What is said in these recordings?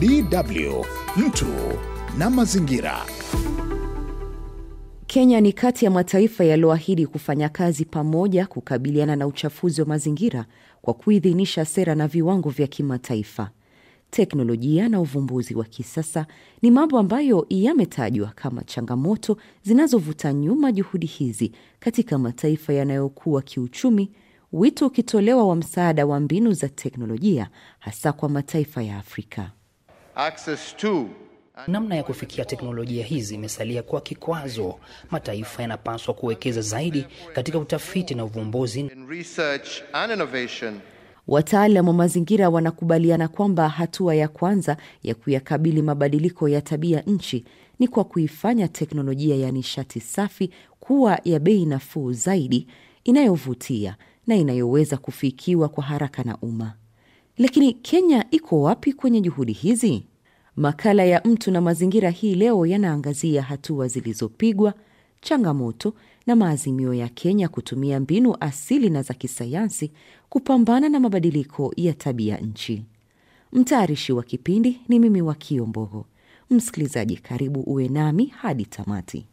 DW mtu na mazingira. Kenya ni kati ya mataifa yaliyoahidi kufanya kazi pamoja kukabiliana na uchafuzi wa mazingira kwa kuidhinisha sera na viwango vya kimataifa. Teknolojia na uvumbuzi wa kisasa ni mambo ambayo yametajwa kama changamoto zinazovuta nyuma juhudi hizi katika mataifa yanayokuwa kiuchumi, wito ukitolewa wa msaada wa mbinu za teknolojia hasa kwa mataifa ya Afrika access to Namna ya kufikia teknolojia hizi imesalia kuwa kikwazo. Mataifa yanapaswa kuwekeza zaidi katika utafiti na uvumbuzi. Wataalam wa mazingira wanakubaliana kwamba hatua ya kwanza ya kuyakabili mabadiliko ya tabia nchi ni kwa kuifanya teknolojia ya nishati safi kuwa ya bei nafuu zaidi, inayovutia na inayoweza kufikiwa kwa haraka na umma. Lakini Kenya iko wapi kwenye juhudi hizi? Makala ya Mtu na Mazingira hii leo yanaangazia hatua zilizopigwa, changamoto na maazimio ya Kenya kutumia mbinu asili na za kisayansi kupambana na mabadiliko ya tabia nchi. Mtayarishi wa kipindi ni mimi wa Mbogo. Msikilizaji, karibu uwe nami hadi tamati.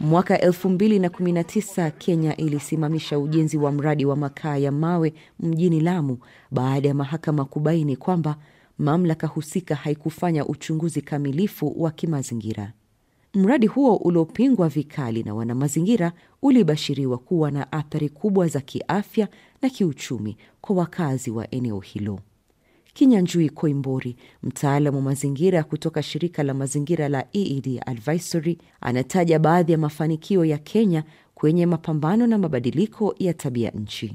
Mwaka 2019 Kenya ilisimamisha ujenzi wa mradi wa makaa ya mawe mjini Lamu baada ya mahakama kubaini kwamba mamlaka husika haikufanya uchunguzi kamilifu wa kimazingira. Mradi huo uliopingwa vikali na wanamazingira ulibashiriwa kuwa na athari kubwa za kiafya na kiuchumi kwa wakazi wa eneo hilo. Kinyanjui Koimbori, mtaalam wa mazingira kutoka shirika la mazingira la EED Advisory, anataja baadhi ya mafanikio ya Kenya kwenye mapambano na mabadiliko ya tabia nchi.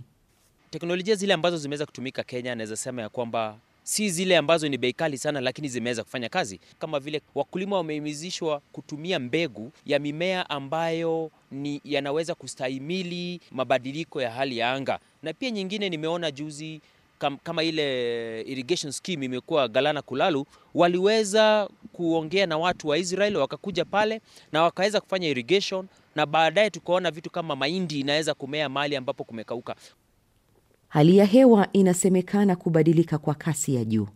Teknolojia zile ambazo zimeweza kutumika Kenya, anawezasema sema ya kwamba si zile ambazo ni bei kali sana, lakini zimeweza kufanya kazi, kama vile wakulima wamehimizishwa kutumia mbegu ya mimea ambayo ni yanaweza kustahimili mabadiliko ya hali ya anga, na pia nyingine nimeona juzi kam, kama ile irrigation scheme imekuwa Galana Kulalu, waliweza kuongea na watu wa Israel wakakuja pale na wakaweza kufanya irrigation, na baadaye tukaona vitu kama mahindi inaweza kumea mahali ambapo kumekauka. Hali ya hewa inasemekana kubadilika kwa kasi ya juu,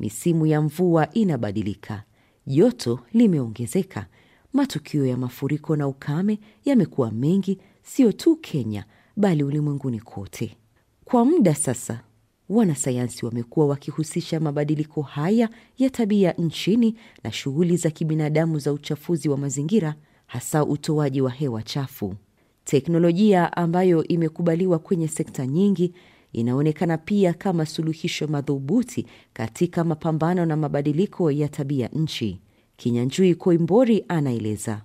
misimu ya mvua inabadilika, joto limeongezeka. Matukio ya mafuriko na ukame yamekuwa mengi, sio tu Kenya bali ulimwenguni kote. Kwa muda sasa Wanasayansi wamekuwa wakihusisha mabadiliko haya ya tabia nchini na shughuli za kibinadamu za uchafuzi wa mazingira, hasa utoaji wa hewa chafu. Teknolojia ambayo imekubaliwa kwenye sekta nyingi inaonekana pia kama suluhisho madhubuti katika mapambano na mabadiliko ya tabia nchi. Kinyanjui Koimbori anaeleza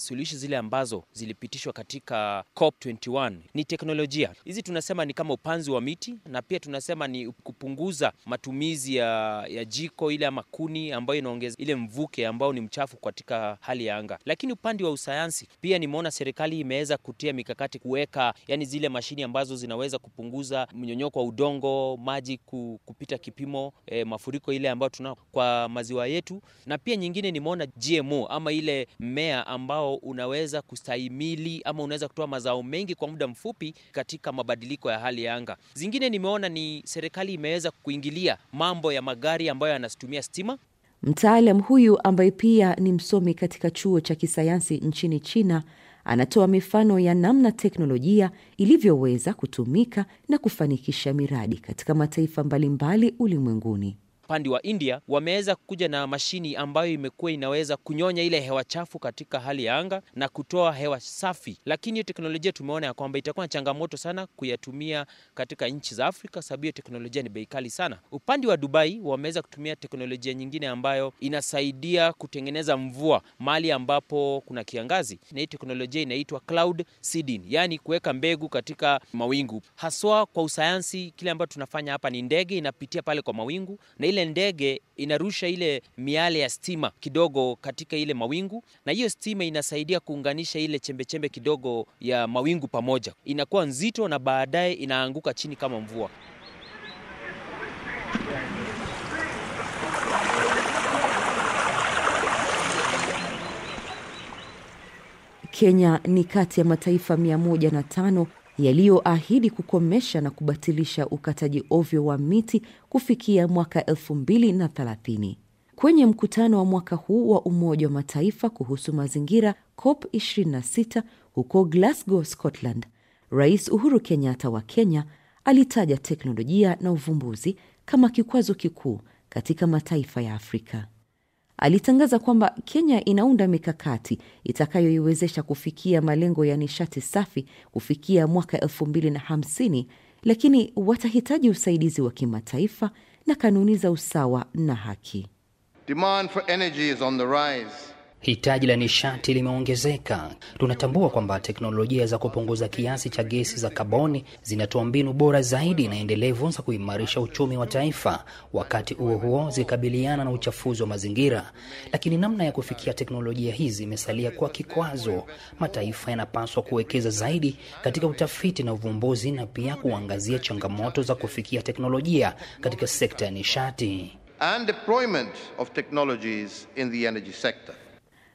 suluhishi zile ambazo zilipitishwa katika COP21 ni teknolojia hizi, tunasema ni kama upanzi wa miti na pia tunasema ni kupunguza matumizi ya, ya jiko ile ama kuni ambayo inaongeza ile mvuke ambao ni mchafu katika hali ya anga. Lakini upande wa usayansi pia nimeona serikali imeweza kutia mikakati kuweka yani zile mashini ambazo zinaweza kupunguza mnyonyoko wa udongo, maji kupita kipimo, e, mafuriko ile ambayo tunao kwa maziwa yetu, na pia nyingine nimeona GMO ama ile mmea ambao ambao unaweza kustahimili ama unaweza kutoa mazao mengi kwa muda mfupi katika mabadiliko ya hali ya anga. Zingine nimeona ni serikali imeweza kuingilia mambo ya magari ambayo yanatumia stima. Mtaalam huyu ambaye pia ni msomi katika chuo cha kisayansi nchini China anatoa mifano ya namna teknolojia ilivyoweza kutumika na kufanikisha miradi katika mataifa mbalimbali ulimwenguni upande wa India wameweza kuja na mashini ambayo imekuwa inaweza kunyonya ile hewa chafu katika hali ya anga na kutoa hewa safi, lakini hiyo teknolojia tumeona ya kwamba itakuwa na changamoto sana kuyatumia katika nchi za Afrika sababu hiyo teknolojia ni bei kali sana. Upande wa Dubai wameweza kutumia teknolojia nyingine ambayo inasaidia kutengeneza mvua mahali ambapo kuna kiangazi, na hii teknolojia inaitwa cloud seeding, yani kuweka mbegu katika mawingu, haswa kwa usayansi. Kile ambacho tunafanya hapa ni ndege inapitia pale kwa mawingu na ile ile ndege inarusha ile miale ya stima kidogo katika ile mawingu, na hiyo stima inasaidia kuunganisha ile chembechembe kidogo ya mawingu pamoja, inakuwa nzito na baadaye inaanguka chini kama mvua. Kenya ni kati ya mataifa 105 yaliyoahidi kukomesha na kubatilisha ukataji ovyo wa miti kufikia mwaka 2030. Kwenye mkutano wa mwaka huu wa Umoja wa Mataifa kuhusu mazingira COP 26 huko Glasgow, Scotland, Rais Uhuru Kenyatta wa Kenya alitaja teknolojia na uvumbuzi kama kikwazo kikuu katika mataifa ya Afrika alitangaza kwamba Kenya inaunda mikakati itakayoiwezesha kufikia malengo ya nishati safi kufikia mwaka elfu mbili na hamsini, lakini watahitaji usaidizi wa kimataifa na kanuni za usawa na haki. Demand for energy is on the rise. Hitaji la nishati limeongezeka. Tunatambua kwamba teknolojia za kupunguza kiasi cha gesi za kaboni zinatoa mbinu bora zaidi na endelevu za kuimarisha uchumi wa taifa, wakati huo huo zikikabiliana na uchafuzi wa mazingira. Lakini namna ya kufikia teknolojia hizi imesalia kuwa kikwazo. Mataifa yanapaswa kuwekeza zaidi katika utafiti na uvumbuzi na pia kuangazia changamoto za kufikia teknolojia katika sekta ya nishati and deployment of technologies in the energy sector.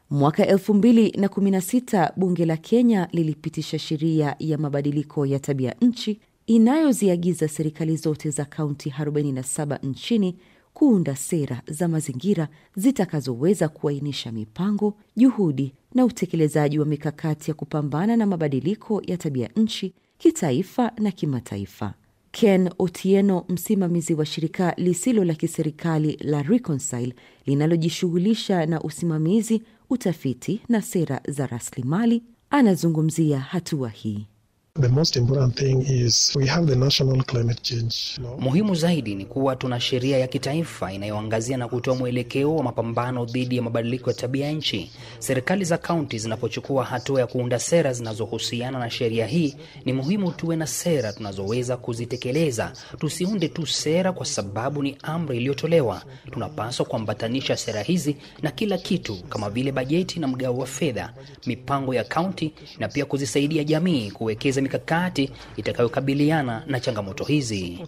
Mwaka 2016 bunge la Kenya lilipitisha sheria ya mabadiliko ya tabia nchi inayoziagiza serikali zote za kaunti 47 nchini kuunda sera za mazingira zitakazoweza kuainisha mipango, juhudi na utekelezaji wa mikakati ya kupambana na mabadiliko ya tabia nchi kitaifa na kimataifa. Ken Otieno, msimamizi wa shirika lisilo la kiserikali la Reconcile linalojishughulisha na usimamizi, utafiti na sera za rasilimali, anazungumzia hatua hii. The most important thing is we have the national climate change law. Muhimu zaidi ni kuwa tuna sheria ya kitaifa inayoangazia na kutoa mwelekeo wa mapambano dhidi ya mabadiliko ya tabia nchi. Serikali za kaunti zinapochukua hatua ya kuunda sera zinazohusiana na sheria hii, ni muhimu tuwe na sera tunazoweza kuzitekeleza. Tusiunde tu sera kwa sababu ni amri iliyotolewa. Tunapaswa kuambatanisha sera hizi na kila kitu kama vile bajeti na mgao wa fedha, mipango ya kaunti na pia kuzisaidia jamii kuwekeza mikakati itakayokabiliana na changamoto hizi.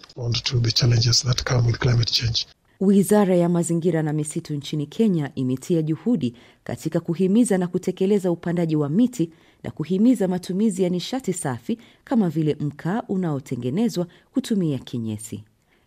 Wizara ya Mazingira na Misitu nchini Kenya imetia juhudi katika kuhimiza na kutekeleza upandaji wa miti na kuhimiza matumizi ya nishati safi kama vile mkaa unaotengenezwa kutumia kinyesi.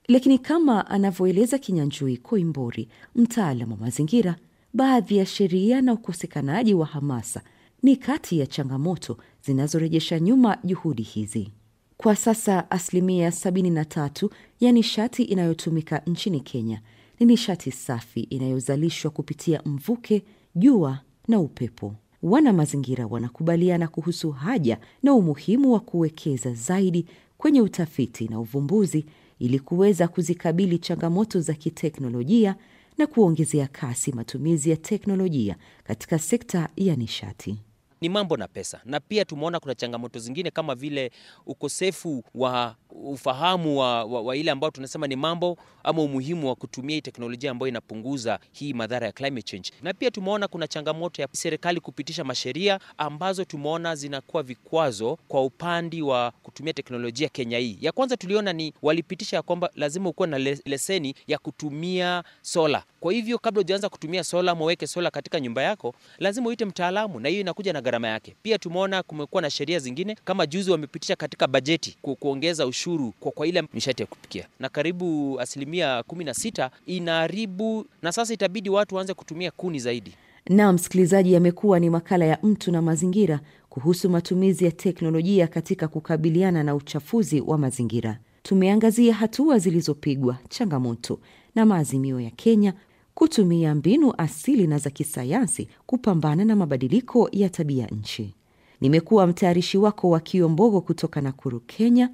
Lakini kama anavyoeleza Kinyanjui Koimbori, mtaalam wa mazingira, baadhi ya sheria na ukosekanaji wa hamasa ni kati ya changamoto zinazorejesha nyuma juhudi hizi. Kwa sasa asilimia 73 ya nishati inayotumika nchini Kenya ni nishati safi inayozalishwa kupitia mvuke, jua na upepo. Wana mazingira wanakubaliana kuhusu haja na umuhimu wa kuwekeza zaidi kwenye utafiti na uvumbuzi ili kuweza kuzikabili changamoto za kiteknolojia na kuongezea kasi matumizi ya teknolojia katika sekta ya nishati ni mambo na pesa, na pia tumeona kuna changamoto zingine kama vile ukosefu wa ufahamu wa, wa, wa ile ambao tunasema ni mambo ama umuhimu wa kutumia hii teknolojia ambayo inapunguza hii madhara ya climate change. Na pia tumeona kuna changamoto ya serikali kupitisha masheria ambazo tumeona zinakuwa vikwazo kwa upande wa kutumia teknolojia Kenya hii. Ya kwanza tuliona ni walipitisha ya kwamba lazima ukuwe na leseni ya kutumia sola kwa hivyo kabla hujaanza kutumia sola ama uweke sola katika nyumba yako, lazima uite mtaalamu, na hiyo inakuja na gharama yake. Pia tumeona kumekuwa na sheria zingine kama juzi wamepitisha katika bajeti ku, kuongeza ushuru kwa, kwa ile nishati ya kupikia na karibu asilimia kumi na sita inaharibu, na sasa itabidi watu waanze kutumia kuni zaidi. Na msikilizaji, amekuwa ni makala ya Mtu na Mazingira kuhusu matumizi ya teknolojia katika kukabiliana na uchafuzi wa mazingira. Tumeangazia hatua zilizopigwa, changamoto na maazimio ya Kenya kutumia mbinu asili na za kisayansi kupambana na mabadiliko ya tabia nchi. Nimekuwa mtayarishi wako wa Kiombogo kutoka Nakuru, Kenya,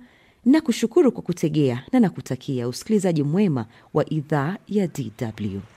na kushukuru kwa kutegea na nakutakia usikilizaji mwema wa idhaa ya DW.